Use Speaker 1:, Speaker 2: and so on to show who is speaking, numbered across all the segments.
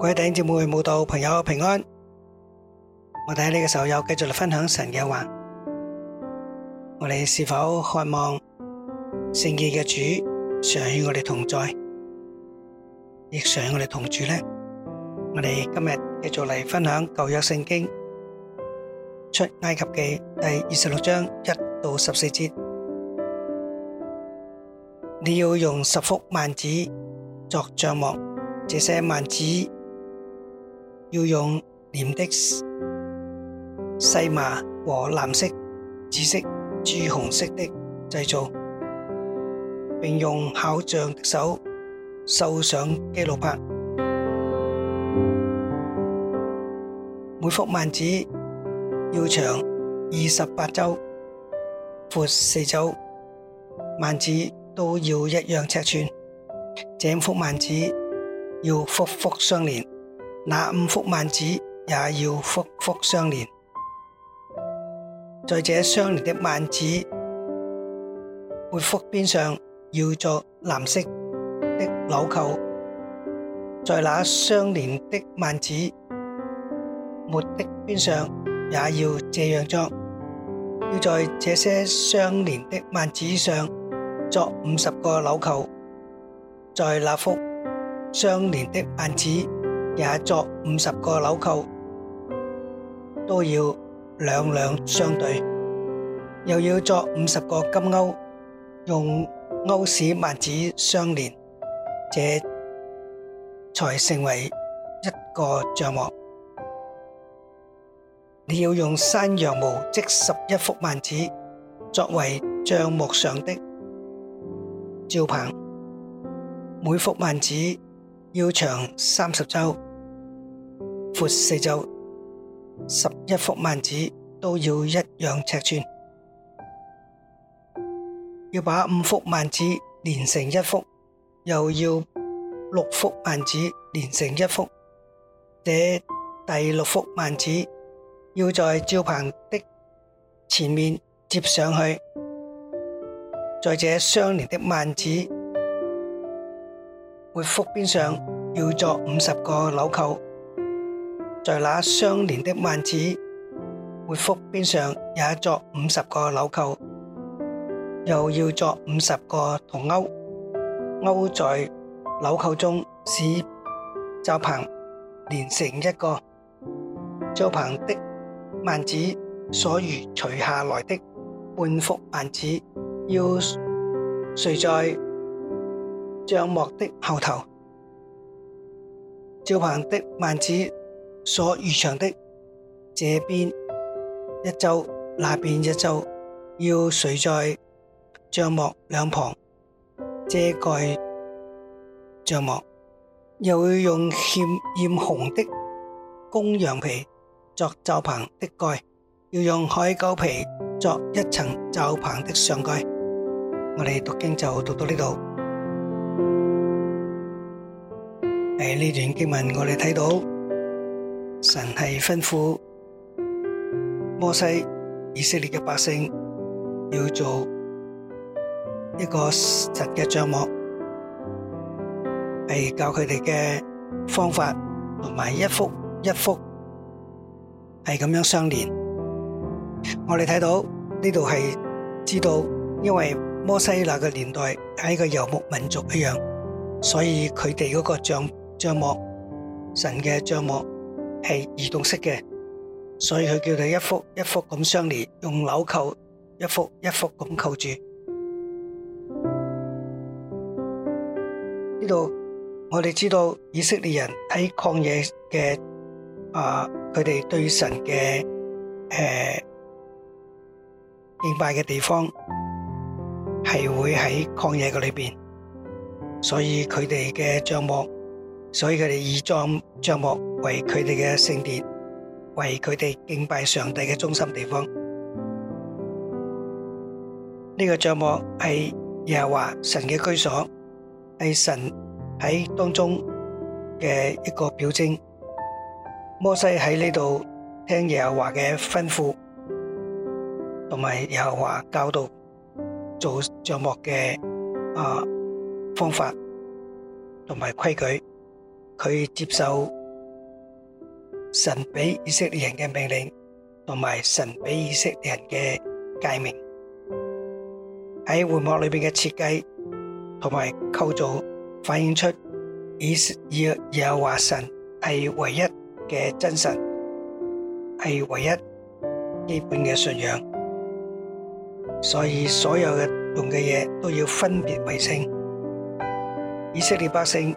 Speaker 1: 各位聽眾朋友平安，我哋喺呢個時候又繼續嚟分享神嘅話，我哋是否渴望聖潔嘅主常與我哋同在，亦常與我哋同住呢？我哋今日繼續嚟分享舊約聖經出埃及記第二十六章一到十四節，你要用十幅幔子作帳幕，這些幔子。要用黏的細麻和藍色、紫色、朱紅色的製造，並用巧匠的手繡上基路伯。每幅幔子要長二十八周，闊四周，幔子都要一樣尺寸。整幅幔子要幅幅相連。那五幅幔子也要幅幅相連，在這相連的幔子，每幅邊上要作藍色的紐扣，在那相連的幔子，末幅邊上也要這樣作，要在這些相連的幔子上作五十個紐扣，在那幅相連的幔子。也作五十個紐扣，都要兩兩相對，又要作五十個金鈎，用鈎使幔子相連，這才成為一個帳幕。你要用山羊毛織十一幅幔子，作為帳幕上的罩棚，每幅幔子。要長三十周，闊四周，十一幅萬字都要一樣尺寸。要把五幅萬字連成一幅，又要六幅萬字連成一幅。這第六幅萬字要在趙鵬的前面接上去，在這相連的萬字。活幅邊上要作五十個紐扣，在那相連的萬子活幅邊上也作五十個紐扣，又要作五十個銅鈎，鈎在紐扣中使罩棚連成一個。罩棚的萬子所餘垂下來的半幅萬子要垂在。帳幕的後頭，罩棚的幔子所逾長的這邊一周，那邊一周，要垂在帳幕兩旁遮蓋帳幕，又要用染染紅的公羊皮作罩棚的蓋，要用海狗皮作一層罩棚的上蓋。我哋讀經就讀到呢度。誒，呢段經文我哋睇到神係吩咐摩西、以色列嘅百姓要做一個神嘅帳幕，係教佢哋嘅方法，同埋一幅一幅係咁樣相連。我哋睇到呢度係知道，因為摩西嗰個年代係一個遊牧民族一樣，所以佢哋嗰個帳。帳幕，神嘅帳幕係移動式嘅，所以佢叫你一幅一幅咁相連，用紐扣一幅一幅咁扣住。呢度我哋知道以色列人喺曠野嘅啊，佢哋對神嘅誒敬拜嘅地方係會喺曠野嘅裏邊，所以佢哋嘅帳幕。所以佢哋以裝帳幕為佢哋嘅聖殿，為佢哋敬拜上帝嘅中心地方。呢、這個帳幕係耶和華神嘅居所，係神喺當中嘅一個表徵。摩西喺呢度聽耶和華嘅吩咐，同埋耶和華教導做帳幕嘅啊、呃、方法同埋規矩。佢接受神俾以色列人嘅命令，同埋神俾以色列人嘅誡命，喺會幕裏邊嘅設計同埋構造，反映出以以耶和華神係唯一嘅真實，係唯一基本嘅信仰。所以所有用嘅嘢都要分別為聖，以色列百姓。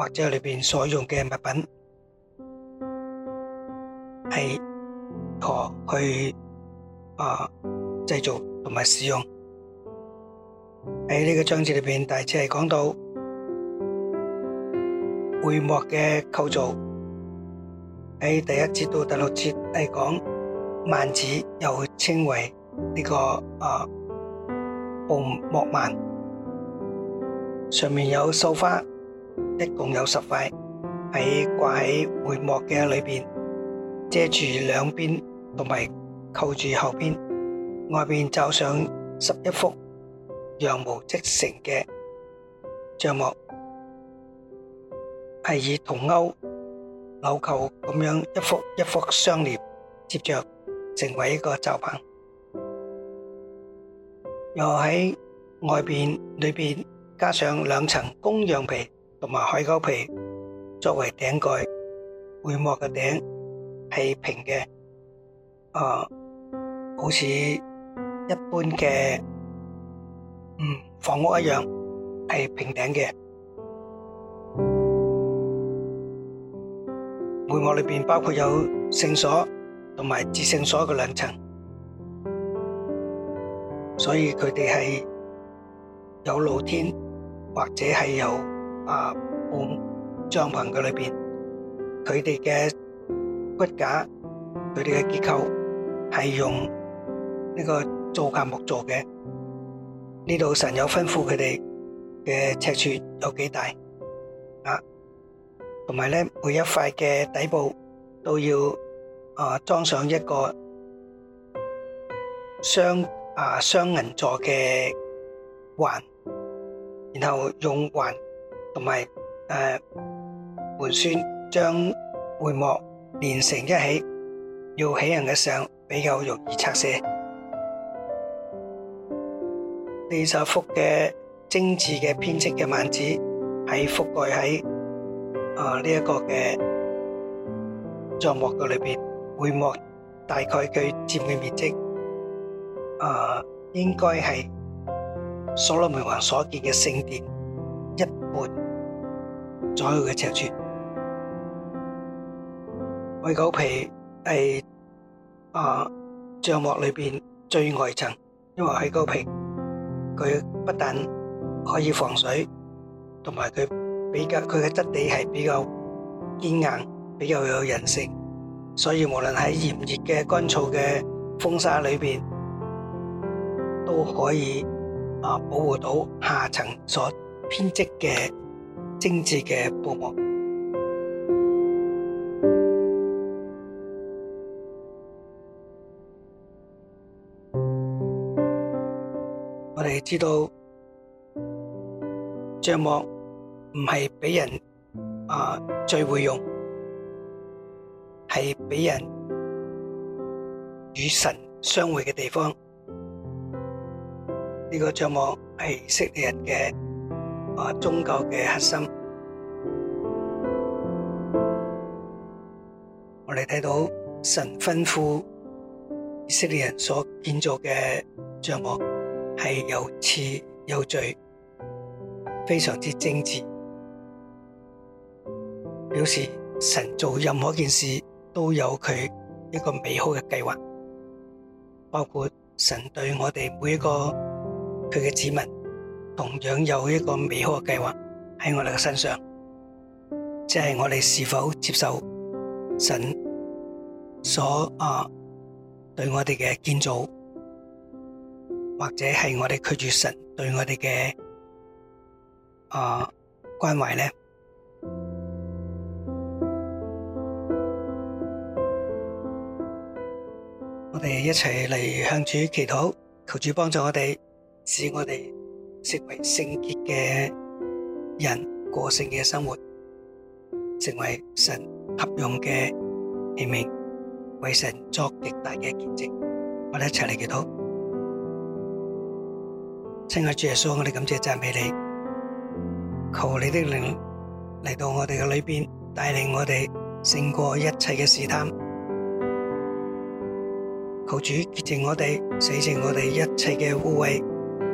Speaker 1: 或者裏邊所用嘅物品係何去啊製造同埋使用？喺呢個章節裏邊，大致係講到會幕嘅構造。喺第一節到第六節係講幔子，又稱為呢個啊布幕幔，上面有繡花。一共有十塊，喺掛喺會幕嘅裏邊，遮住兩邊同埋扣住後邊，外邊罩上十一幅羊毛織成嘅帳幕，係以銅鈎紐扣咁樣一幅一幅相連，接着成為一個罩棚，又喺外邊裏邊加上兩層公羊皮。同埋海狗皮作為頂蓋，會幕嘅頂係平嘅，啊，好似一般嘅嗯房屋一樣係平頂嘅。會幕裏邊包括有聖所同埋至聖所嘅兩層，所以佢哋係有露天或者係有。啊！帳篷嘅裏邊，佢哋嘅骨架，佢哋嘅結構係用呢個皂莢木做嘅。呢度神有吩咐佢哋嘅尺寸有幾大啊？同埋咧，每一塊嘅底部都要啊裝上一個雙啊雙銀座嘅環，然後用環。同埋誒，門閂將會幕連成一起，要起人嘅相比較容易拆卸。呢十幅嘅精致嘅編織嘅幔子，喺覆蓋喺誒呢一個嘅帳幕嘅裏邊，會幕大概佢佔嘅面積，誒、呃、應該係所羅門王所建嘅聖殿。門左右嘅尺寸，海狗皮係啊帳幕裏邊最外層，因為海狗皮佢不但可以防水，同埋佢比較佢嘅質地係比較堅硬，比較有韌性，所以無論喺炎熱嘅乾燥嘅風沙裏邊，都可以啊保護到下層所。編織嘅精緻嘅布幕，我哋知道帳幕唔係畀人啊聚會用，係畀人與神相會嘅地方。呢個帳幕係識嘅人嘅。宗教嘅核心，我哋睇到神吩咐以色列人所建造嘅帳幕係有次有序，非常之精緻，表示神做任何一件事都有佢一個美好嘅計劃，包括神對我哋每一個佢嘅子民。同樣有一個美好嘅計劃喺我哋嘅身上，即係我哋是否接受神所啊對我哋嘅建造，或者係我哋拒絕神對我哋嘅啊關懷呢？我哋一齊嚟向主祈禱，求主幫助我哋，使我哋。成為聖潔嘅人，過聖潔嘅生活，成為神合用嘅器皿，為神作極大嘅見證。我哋一齊嚟祈禱，親愛主耶穌，我哋感謝讚美你，求你的靈嚟到我哋嘅裏邊，帶領我哋勝過一切嘅試探。求主潔淨我哋，洗淨我哋一切嘅污穢。